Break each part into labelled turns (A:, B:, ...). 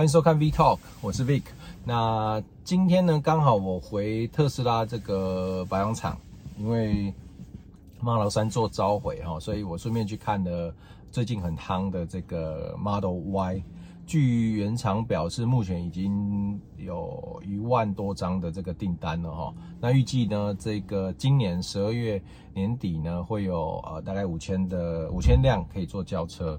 A: 歡迎收看 V Talk，我是 Vic。那今天呢，剛好我回特斯拉這個保養廠，因為馬老三做召回哈，所以我順便去看了最近很夯的這個 Model Y。據原廠表示，目前已經有一萬多張的這個訂單了哈。那預計呢，這個今年十二月年底呢，會有呃大概五千的五千輛可以做交車。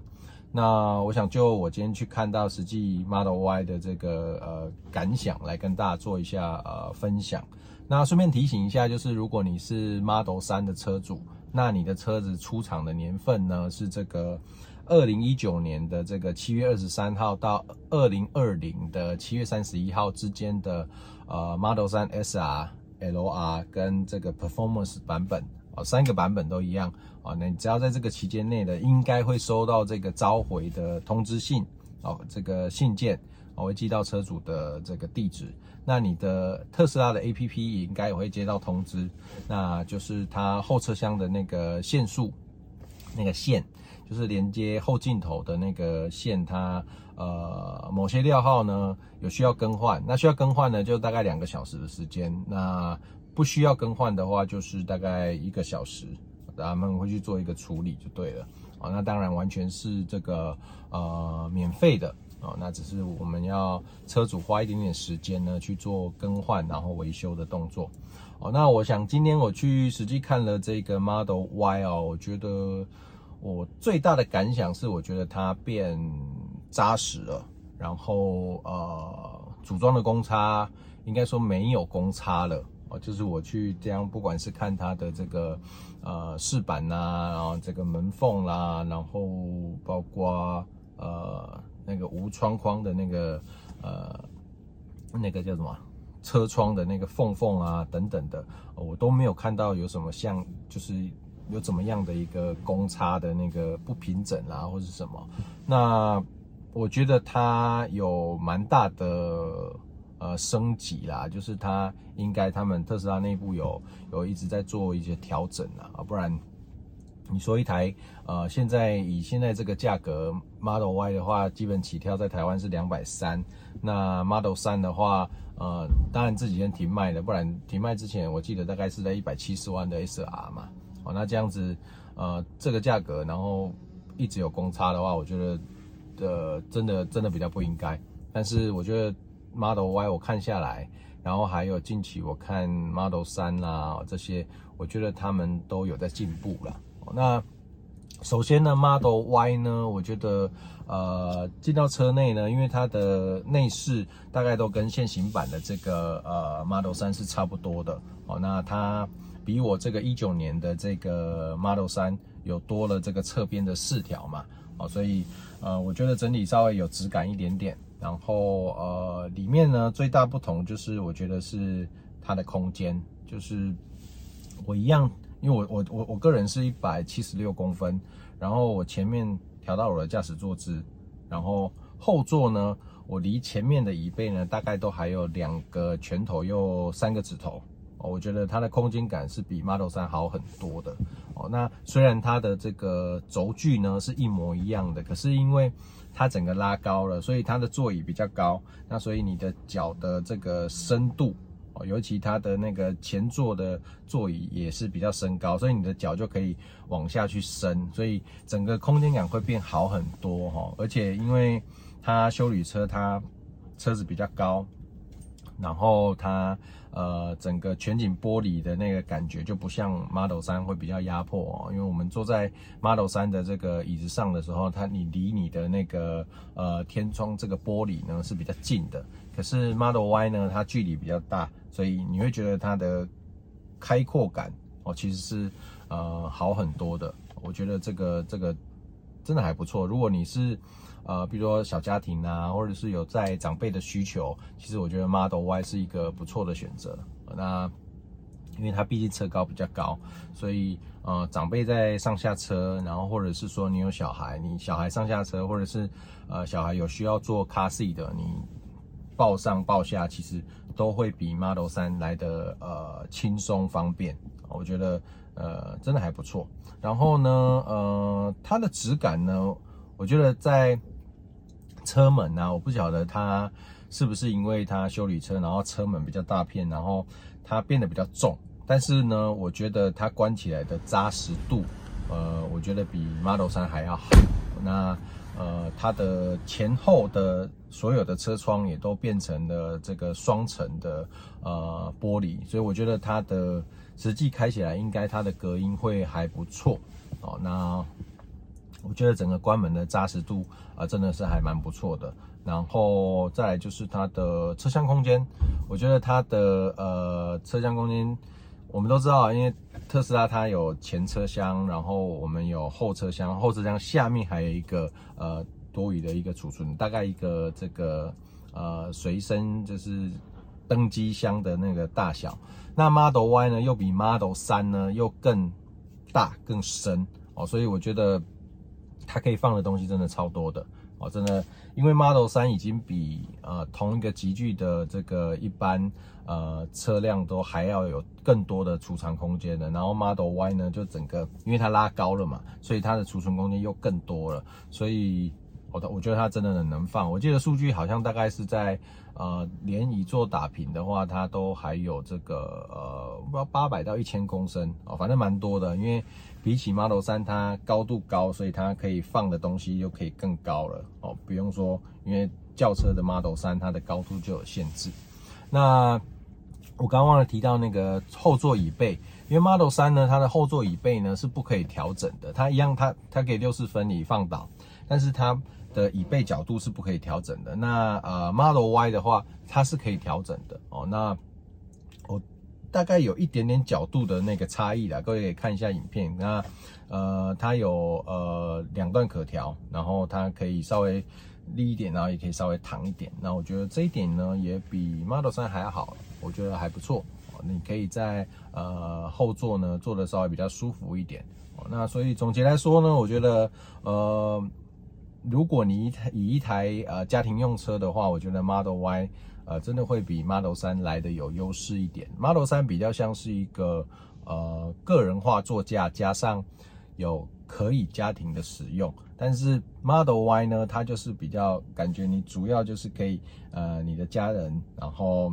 A: 那我想就我今天去看到實際 Model Y 的這個呃感想，來跟大家做一下呃分享。那順便提醒一下，就是如果你是 Model 3的車主，那你的車子出廠的年份呢是這個二零一九年的這個七月二十三號到二零二零的七月三十一號之間的呃 Model 3 SR、LR 跟這個 Performance 版本。哦，三個版本都一樣啊。那你只要在這個期間內的，應該會收到這個召回的通知信。哦，這個信件哦會寄到車主的這個地址。那你的特斯拉的 APP 也應該也會接到通知。那就是它後車廂的那個線束，那個線就是連接後鏡頭的那個線它，它呃某些料號呢有需要更換。那需要更換呢，就大概兩個小時的時間。那不需要更換的話，就是大概一個小時，咱們會去做一個處理就對了啊、哦。那當然完全是這個呃免費的啊、哦。那只是我們要車主花一點點時間呢去做更換然後維修的動作。哦，那我想今天我去實際看了這個 Model Y 哦，我覺得我最大的感想是，我覺得它變紮實了，然後呃組裝的公差應該說沒有公差了。就是我去這樣，不管是看它的這個呃飾板吶、啊，然後這個門縫啦、啊，然後包括呃那個無窗框的那個呃那個叫什麼車窗的那個縫縫啊等等的、呃，我都沒有看到有什麼像就是有怎麼樣的一個公差的那個不平整啊或是什麼。那我覺得它有蠻大的。升級啦，就是它應該他們特斯拉內部有有一直在做一些調整啊，不然你說一台呃現在以現在這個價格，Model Y 的話基本起跳在台灣是兩百三，那 Model 3的話呃當然自己先停賣了，不然停賣之前我記得大概是在一百七十萬的 SR 嘛，哦那這樣子呃這個價格然後一直有公差的話，我覺得呃真的真的比較不應該，但是我覺得。Model Y 我看下來，然後還有近期我看 Model 3啦這些，我覺得他們都有在進步了。那首先呢，Model Y 呢，我覺得呃進到車內呢，因為它的內飾大概都跟現行版的這個呃 Model 3是差不多的哦。那它比我這個一九年的這個 Model 3有多了這個側邊的飾條嘛，哦，所以呃我覺得整體稍微有質感一點點。然後呃，裡面呢最大不同就是，我覺得是它的空間，就是我一樣，因為我我我我個人是一百七十六公分，然後我前面調到我的駕駛坐姿，然後後座呢，我離前面的椅背呢，大概都還有兩個拳頭又三個指頭，我覺得它的空間感是比 Model 3好很多的。那雖然它的這個軸距呢是一模一樣的，可是因為它整個拉高了，所以它的座椅比較高，那所以你的腳的這個深度，哦，尤其它的那個前座的座椅也是比較升高，所以你的腳就可以往下去伸，所以整個空間感會變好很多哈。而且因為它休旅車它車子比較高。然後它呃整個全景玻璃的那個感覺就不像 Model 3會比較壓迫哦，因為我們坐在 Model 3的這個椅子上的時候，它你離你的那個呃天窗這個玻璃呢是比較近的，可是 Model Y 呢它距離比較大，所以你會覺得它的開闊感哦其實是呃好很多的。我覺得這個這個。真的還不錯。如果你是呃，比如說小家庭啊，或者是有在長輩的需求，其實我覺得 Model Y 是一個不錯的選擇。那因為它畢竟車高比較高，所以呃，長輩在上下車，然後或者是說你有小孩，你小孩上下車，或者是呃小孩有需要坐 car seat 的，你抱上抱下，其實都會比 Model 3來得呃輕鬆方便。我覺得呃真的還不錯，然後呢，呃，它的質感呢，我覺得在車門啊，我不曉得它是不是因為它休旅車，然後車門比較大片，然後它變得比較重。但是呢，我覺得它關起來的紮實度，呃，我覺得比 Model 3還要好。那呃，它的前後的所有的車窗也都變成了這個雙層的呃玻璃，所以我覺得它的。實際開起來，應該它的隔音會還不錯哦。那我覺得整個關門的扎實度啊、呃，真的是還蠻不錯的。然後再來就是它的車廂空間，我覺得它的呃車廂空間，我們都知道，因為特斯拉它有前車廂，然後我們有後車廂，後車廂下面還有一個呃多餘的一個儲存，大概一個這個呃隨身就是。登機箱的那個大小，那 Model Y 呢，又比 Model 3呢又更大更深哦，所以我覺得它可以放的東西真的超多的哦，真的，因為 Model 3已經比呃同一個級距的這個一般呃車輛都還要有更多的儲藏空間的，然後 Model Y 呢就整個因為它拉高了嘛，所以它的儲存空間又更多了，所以。的，我覺得它真的很能放。我記得數據好像大概是在，呃，連椅座打平的話，它都還有這個呃八百到一千公升哦，反正蠻多的。因為比起 Model 3，它高度高，所以它可以放的東西就可以更高了哦。不用說，因為轎車的 Model 3它的高度就有限制。那我剛忘了提到那個後座椅背，因為 Model 3呢，它的後座椅背呢是不可以調整的，它一樣它，它它可以六四分離放倒，但是它。的椅背角度是不可以調整的，那呃，Model Y 的話，它是可以調整的哦。那我大概有一點點角度的那個差異啦，各位可以看一下影片。那呃，它有呃兩段可調，然後它可以稍微立一點，然後也可以稍微躺一點。那我覺得這一點呢，也比 Model 3還好，我覺得還不錯。你可以在呃後座呢坐的稍微比較舒服一點。那所以總結來說呢，我覺得呃。如果你一台以一台呃家庭用車的話，我覺得 Model Y，呃，真的會比 Model 3來得有優勢一點。Model 3比較像是一個呃個人化座駕，加上有可以家庭的使用，但是 Model Y 呢，它就是比較感覺你主要就是可以呃你的家人，然後。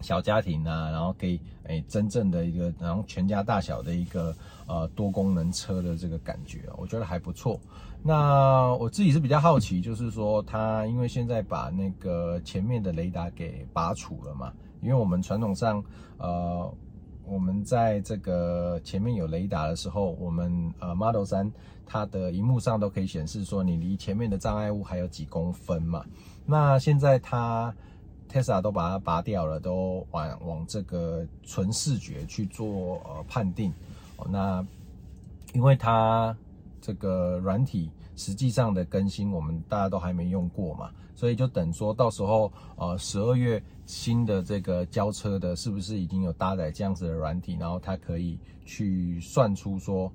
A: 小家庭啊，然後給誒、欸、真正的一個然後全家大小的一個呃多功能車的這個感覺，我覺得還不錯。那我自己是比較好奇，就是說它因為現在把那個前面的雷達給拔除了嘛，因為我們傳統上呃我們在這個前面有雷達的時候，我們呃 Model 3它的屏幕上都可以顯示說你離前面的障礙物還有幾公分嘛。那現在它。Tesla 都把它拔掉了，都往往這個純視覺去做呃判定，哦。那因為它這個軟體實際上的更新，我們大家都還沒用過嘛，所以就等說到時候呃十二月新的這個交車的，是不是已經有搭載這樣子的軟體，然後它可以去算出說。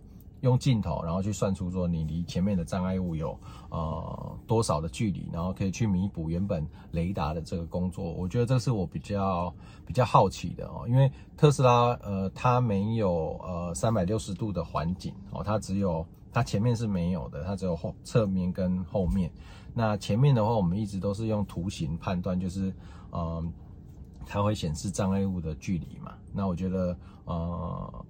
A: 用鏡頭，然後去算出說你離前面的障礙物有呃多少的距離，然後可以去彌補原本雷達的這個工作。我覺得這是我比較比較好奇的哦，因為特斯拉呃它沒有呃三百六十度的環景哦，它只有，它前面是沒有的，它只有後側面跟後面。那前面的話，我們一直都是用圖形判斷，就是嗯它會顯示障礙物的距離嘛。那我覺得呃。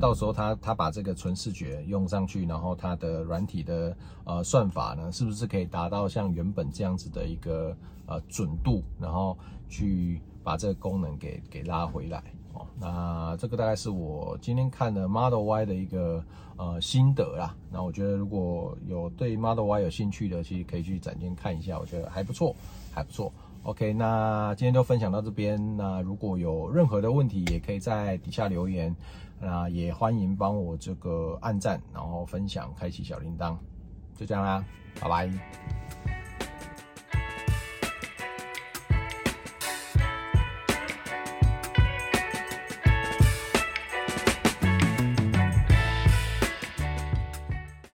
A: 到時候它它把這個純視覺用上去，然後它的軟體的呃算法呢，是不是可以達到像原本這樣子的一個呃準度，然後去把這個功能給給拉回來？哦、喔，那這個大概是我今天看的 Model Y 的一個呃心得啦。那我覺得如果有對 Model Y 有興趣的，其實可以去展廳看一下，我覺得還不錯，還不錯。OK，那今天就分享到這邊。那如果有任何的問題，也可以在底下留言。那也歡迎幫我這個按讚，然後分享，開啟小鈴鐺，就這樣啦，拜拜。